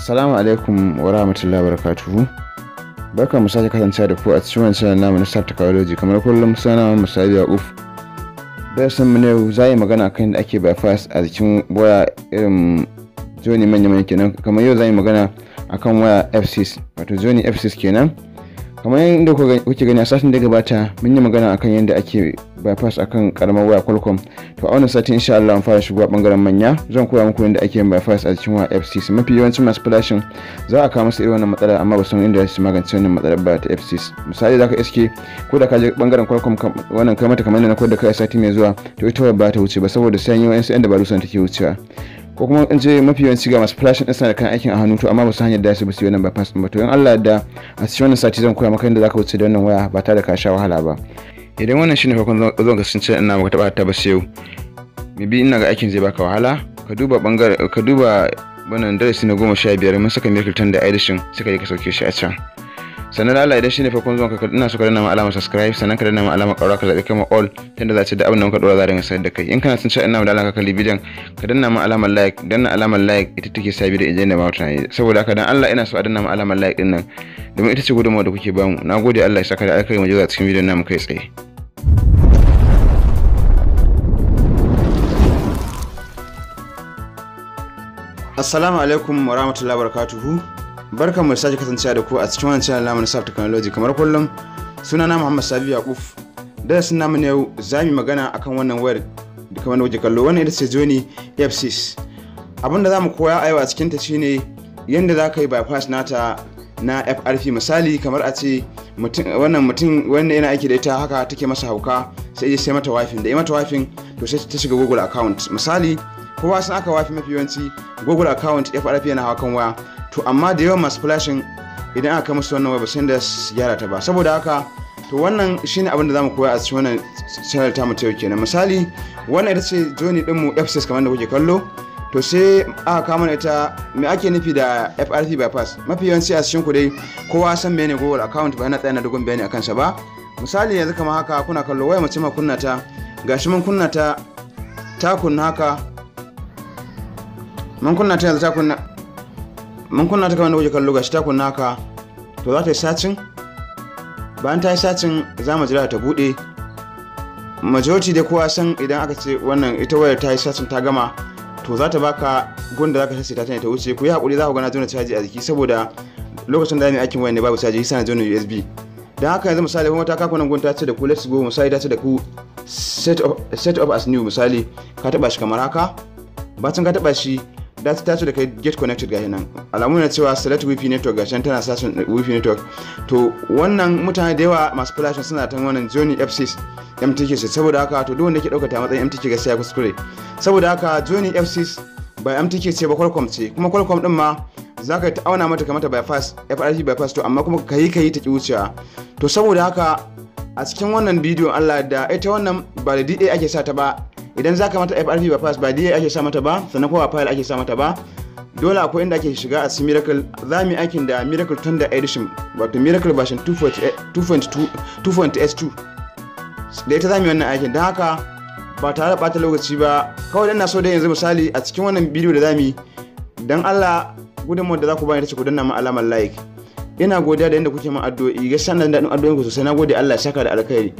Assalamu alaikum wa rahmatullahi wa barakatuhu. Barka mu sake kasancewa da ku a cikin wani sanar namu na Staff Technology kamar kullum sana mu uf Yaƙuf. san mu ne za yi magana kan da ake bypass a jikin waya irin zoni manya-manya kenan kamar yau za yi magana akan waya fcs wato zoni FCs kenan. kamar yadda kuke gani a satin da gabata mun yi magana akan yadda ake bypass akan karamar waya qualcomm to a wannan satin insha Allah an fara shigo a bangaren manya zan koya muku yadda ake bypass a cikin waya FCC mafi yawancin masu flashin za a kawo musu irin wannan matsala amma ba san inda su magance wannan matsalar ba ta FCC misali ka iske ko da ka je bangaren qualcomm wannan kai mata kamar yadda na koyar da kai a sati mai zuwa to ita ba ta wuce ba saboda sai an yi wa'ansu yan dabaru san take wucewa ko kuma in ce mafi yawanci ga masu flashin ɗin da kan aikin a hannu to amma ba su hanyar da su basu yi wannan bypass ɗin ba to in Allah da a cikin wannan sati zan koya maka yadda zaka wuce da wannan waya ba tare da ka sha wahala ba idan wannan shine farkon zan ce ina maka taɓa ta ba sai yau bi ina ga aikin zai baka wahala ka duba bangare ka duba wannan darasi na goma sha biyar mun saka Milton da Aidishin suka yi ka sauke shi a can sannan Allah idan shine farkon zuwan ka ina so ka danna alama subscribe sannan ka danna alama ƙaura ka zabi kama all yadda za ce da abin da muka dora za dinga sayar da kai in kana son cewa ina da alaka kalli bidiyon ka danna ma alamar like danna alamar like ita take sa bidiyon ijiyar da ma mutane saboda haka dan Allah ina so a danna ma alamar like din nan domin ita ce gudunmawa da kuke bamu na gode Allah ya saka da aikari mu je cikin bidiyon namu kai tsaye Assalamu alaikum wa rahmatullahi wa barakatuhu barkan mu sake kasancewa da ku a cikin wannan channel namu na Saf Technology kamar kullum sunana Muhammad Sabi Yakuf da sun namu ne yau za magana akan wannan wayar da kamar waje kallo wannan ita ce Joni F6 abinda za mu koya a yau a cikin ta shine yanda za ka yi bypass nata na FRP misali kamar a ce wannan mutum wanda yana aiki da ita haka take masa hauka sai ya sai mata wifi da ya mata wifi to sai ta shiga Google account misali kowa sun aka wafi mafi yawanci google account fiye na hawa kan waya to amma da yawan masu flashin idan aka musu wannan waya ba sun da su gyara ta ba saboda haka to wannan shine abin da zamu koya a cikin wannan channel ta mu ta yau kenan misali wannan ita ce joni din mu f kamar da kuke kallo to sai aka kama na ita me ake nufi da FRP bypass mafi yawanci a cikin ku dai kowa san ne Google account ba yana tsaya na dugun bayani akan sa ba misali yanzu kamar haka kuna kallo waya mace ma kunna ta gashi mun kunna ta ta kunna haka mun kunna ta yanzu ta kunna mun kunna ta kamar da kallo gashi ta kunna ka to za ta yi sacin bayan ta yi sacin za mu jira ta bude majority da kowa san idan aka ce wannan ita wayar ta yi sacin ta gama to za ta baka gunda za ka sace ta ne ta wuce ku yi hakuri za ku gana jona caji a jiki saboda lokacin da mai aikin wayar ne babu caji yasa na jona USB dan haka yanzu misali kuma ta kaku nan gun ta ce da ku let's go misali ta ce da ku set up as new misali ka taba shi kamar haka bacin ka taba shi da ta da kai get connected gashi nan alamu na cewa select wifi network gashi nan tana sasun eh, wifi network to wannan mutane da yawa masu flashin suna tan wannan Johnny fc MTK sai saboda haka to duk wanda ke daukata ta matsayin MTK ya kuskure saboda haka Johnny fc ba MTK ce ba Qualcomm ce kuma Qualcomm din ma za ka ta auna mata kamata bypass FRC bypass to amma kuma kai kai ta ki wucewa to saboda haka a cikin wannan bidiyon Allah da ita wannan ba da DA ake sa ta ba idan za ka mata FRP bypass ba DA ake sa mata ba sannan kuma ba ake sa mata ba dole akwai inda ake shiga a cikin miracle za mu yi aikin da miracle thunder edition wato miracle version 2.s2 da ita za mu yi wannan aikin don haka ba tare da bata lokaci ba kawai dan na so da yanzu misali a cikin wannan bidiyo da za mu yi don allah gudunmawar da za ku bani ta ce ku danna mu alamar like ina godiya da yadda kuke min addu'o'i gaskiya na daɗin addu'o'in ku sosai na gode Allah shaka da alkhairi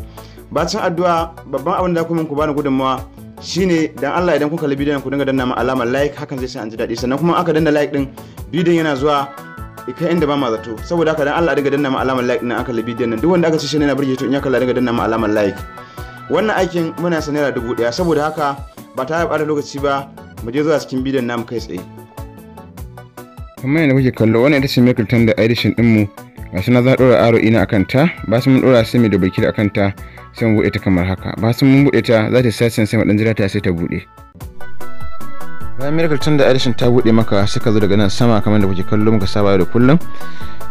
bacin addu'a babban abin da kuma ku bani gudunmawa shine dan Allah idan kuka kalli bidiyon ku dinga danna mu alamar like hakan zai sa an ji daɗi sannan kuma aka danna like din bidiyon yana zuwa ikai inda ba ma zato saboda haka dan Allah dinga danna mu alamar like din aka kalli bidiyon nan duk wanda aka ci shine yana burge to in ya kalla dinga danna mu alamar like wannan aikin muna sanar da dubu daya saboda haka ba ta da lokaci ba mu je zuwa cikin bidiyon namu kai tsaye kamar yadda kuke kallo wannan ita ce Michael da edition din mu gashi na za a ɗora aro ina akan ta ba su mun ɗora semi da bakir akan ta sai mu buɗe ta kamar haka ba sun mun buɗe ta za ta sasin sai mu dan jira ta sai ta buɗe bayan miracle tun da alishin ta buɗe maka sai ka zo daga nan sama kamar da kuke kallo muka saba da kullum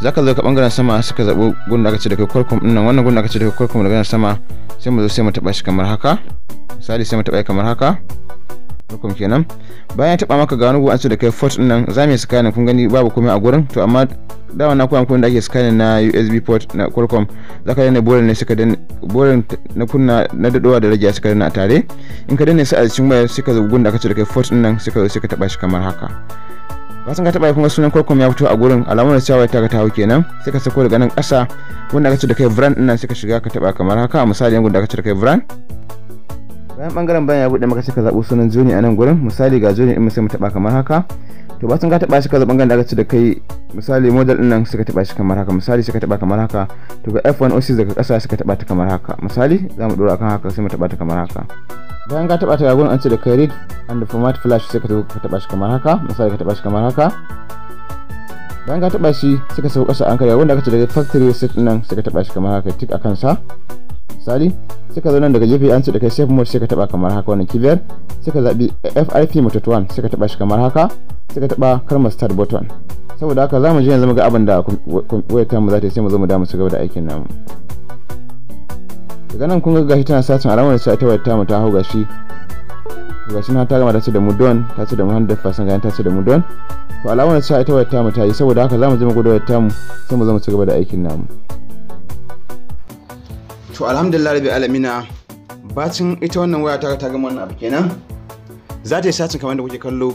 za ka zo ka bangaren sama suka zaɓo gun da aka ce kai kurkum ɗin nan wannan gun da aka ce kai kurkum daga nan sama sai mu zo sai mu taɓa shi kamar haka misali sai mu taɓa kamar haka kurkum kenan bayan ya taɓa maka ga wani gun an ce da kai fort ɗin nan za mu yi sakanin kun gani babu komai a gurin to amma da wannan kuma kun da ake scanning na USB port na Qualcomm za ka danne bolin ne suka danne na kunna na dadowa da rage suka danne a tare in ka danne su a cikin wayar suka zo gun da aka ce da kai port din nan suka zo suka taba shi kamar haka kasan ka taba kuma sunan Qualcomm ya fito a gurin alamar cewa ta ka tawo kenan sai ka sako daga nan ƙasa da aka ce da kai brand din nan suka shiga ka taba kamar haka misali gun da aka ce da kai brand bayan bangaren bayan ya bude maka sai ka zabo sunan zoni a nan gurin misali ga zoni in sai mu taba kamar haka to ba sun ka taba shi ka zaɓi bangaren da aka ce da kai misali model din nan suka taba shi kamar haka misali suka taba kamar haka to ga f 1 OC daga ƙasa suka taba ta kamar haka misali za mu dora kan haka sai mu taba ta kamar haka bayan ka taba ta ga gurin an ce da kai read and format flash sai ka taba shi kamar haka misali ka taba shi kamar haka bayan ka taba shi suka sauka ƙasa an karya wanda aka ce da factory din nan suka taba shi kamar haka tik akan sa misali sai ka zo nan daga gefe an ce da kai safe mode sai ka taba kamar haka wannan keyboard sai ka zabi FIP mutat 1 sai ka taba shi kamar haka sai ka taba kalmar start button saboda haka zamu je yanzu mu ga abin da wayar ta mu za ta yi sai mu zo mu da mu ci gaba da aikin namu daga nan kun ga gashi tana satin alamar sai ta wayar ta mu ta hau gashi gashi na ta gama ta ce da mu don ta ce da mu 100% ganin ta ce da mu don to alamar sai ta wayar ta mu ta yi saboda haka zamu je mu gudu wayar ta mu sai mu zo mu ci gaba da aikin namu to alhamdulillah rabi alamina bacin ita wannan waya ta gama wannan abu kenan za ta yi sacin kamar da kuke kallo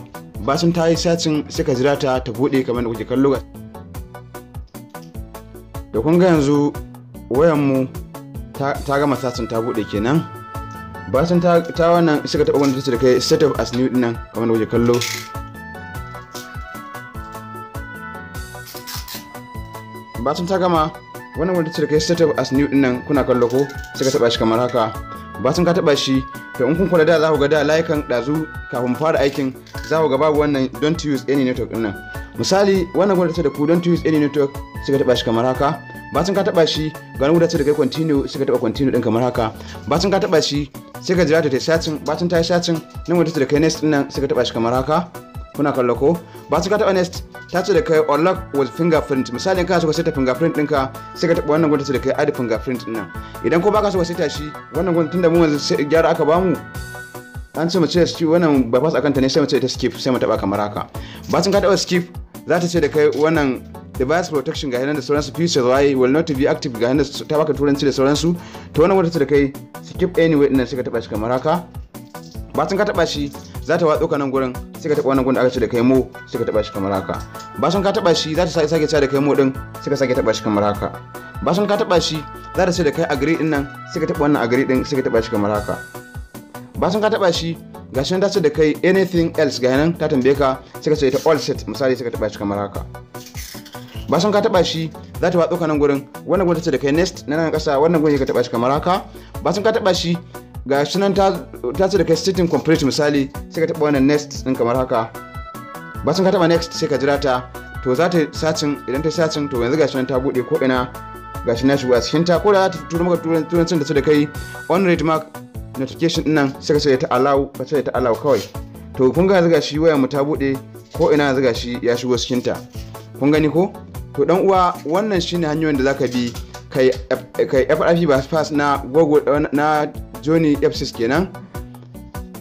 bacin ta yi sacin sai ka jira ta ta bude kamar da kuke kallo da kun ga yanzu wayan mu ta gama sacin ta bude kenan bacin ta wannan sai ka taba wanda ta da kai set up as new dinnan kamar da kuke kallo bacin ta gama wannan wanda da kai setup as new din nan kuna kallo ko sai ka taba shi kamar haka Ba sun ka taba shi to in kun kula da za ku ga da layukan dazu kafin fara aikin za ku ga babu wannan don't use any network din nan misali wannan gwamnati da ku don't use any network sai ka taba shi kamar haka Ba sun ka taba shi ga wanda da kai continue sai ka taba continue din kamar haka Ba sun ka taba shi sai ka jira ta ta shacin sun ta yi shacin nan wanda da kai next din nan sai ka taba shi kamar haka kuna kallo ko ba su ka taɓa nest ta ce da kai unlock with fingerprint misalin ka so ka saita fingerprint ɗinka sai ka taɓa wannan gwamnati da kai add fingerprint ɗin nan idan ko baka so ka saita shi wannan gwamnati tunda mu yanzu gyara aka bamu an ce mace su wannan bypass akan ta ne sai mace ta skip sai mu taɓa kamar haka ba su ka taɓa skip za ta ce da kai wannan device protection ga hannun da sauransu features why will not be active ga da ta baka turanci da sauransu to wannan gwamnati da kai skip anyway ɗin nan sai ka taɓa shi kamar haka bacin ka taba shi za ta watso nan gurin sai ka taba wannan gurin da aka ce da kai mo sai ka taba shi kamar haka bacin ka taba shi za ta sake sake ce da kai mo din sai ka sake taba shi kamar haka bacin ka taba shi za ta ce da kai agree din nan sai ka taba wannan agree din sai ka taba shi kamar haka bacin ka taba shi gashi nan ta ce da kai anything else ga nan ta tambaye ka sai ka ce ta all set misali sai ka taba shi kamar haka ba sun ka taba shi za ta watso nan gurin wannan gurin ta ce da kai next na nan kasa wannan gurin ka taba shi kamar haka ba sun ka taba shi ga shi nan ta ce da kai sitting complete misali sai ka taba wannan next din kamar haka sun ka taba next sai ka jira ta to za ta sacin idan ta sacin to yanzu ga shi nan ta bude ko ina ga shi na shigo a cikin ta ko da ta tura maka turancin da su da kai on rate mark notification din nan sai ka ce ta allow ka ce ta allow kawai to kun ga ga shi waya mu ta bude ko ina yanzu ga shi ya shigo cikin ta kun gani ko to dan uwa wannan shine hanyoyin da zaka bi kai FRP bypass na Google na Johnny Epsis kenan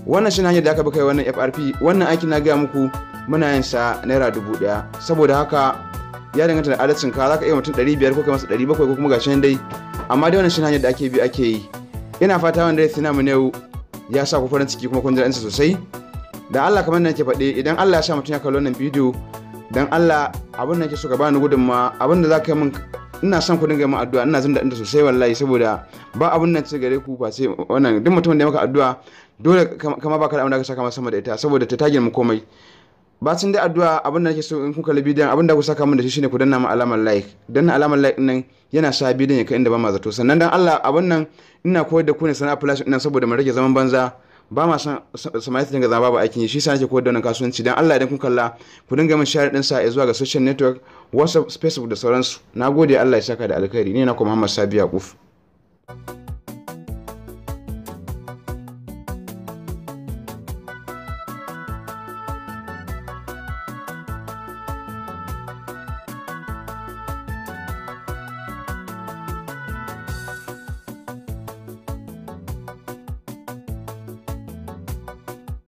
wannan shi hanyar da aka bi kai wannan frp wannan aiki na gaya muku muna yin sa naira dubu daya saboda haka ya danganta da adalcin ka za ka iya mutum biyar ko kai masa bakwai ko kuma shan dai amma dai wannan shi hanyar da ake bi ake yi ina fata wanda ya sina mun yau ya sa ku farin ciki kuma kun ji ɗansa sosai da Allah kamar nan ke faɗe idan Allah ya sa mutum ya kalli wannan bidiyo dan Allah abin da ke so ka bani gudunma abin da za ka yi min ina son ku dinga yi addu'a ina jin daɗin sosai wallahi saboda ba abun nan ce gare ku ba sai wannan duk mutumin da ya maka addu'a dole kama baka da abin da ka saka masa sama da ita saboda ta tagin mu komai sun da addu'a abin da nake so in kuka kalli bidiyon abin da ku saka min da shi shine ku danna mu alamar like danna alamar like nan yana sa bidiyon ya kai inda ba ma zato sannan dan Allah abin nan ina koyar da ku ne sana'a flash ina saboda mu rage zaman banza ba ma san samari ta dinga zama babu aikin yi shi sa nake koyar da wannan kasuwanci dan Allah idan kun kalla ku dinga min share din sa zuwa ga social network WhatsApp Facebook da sauransu na gode Allah ya saka da alkhairi ne na kuma Muhammad Sabiya Kuf